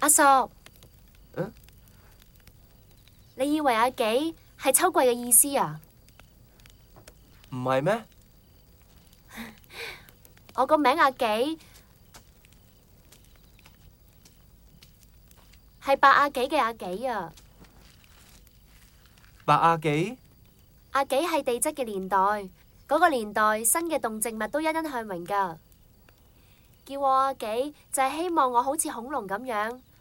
阿索，嗯，你以為阿紀係秋季嘅意思啊？唔係咩？我個名阿紀係白阿紀嘅阿紀啊。白阿紀？阿紀係地質嘅年代，嗰個年代新嘅動植物都欣欣向榮噶。叫我阿紀就係希望我好似恐龍咁樣。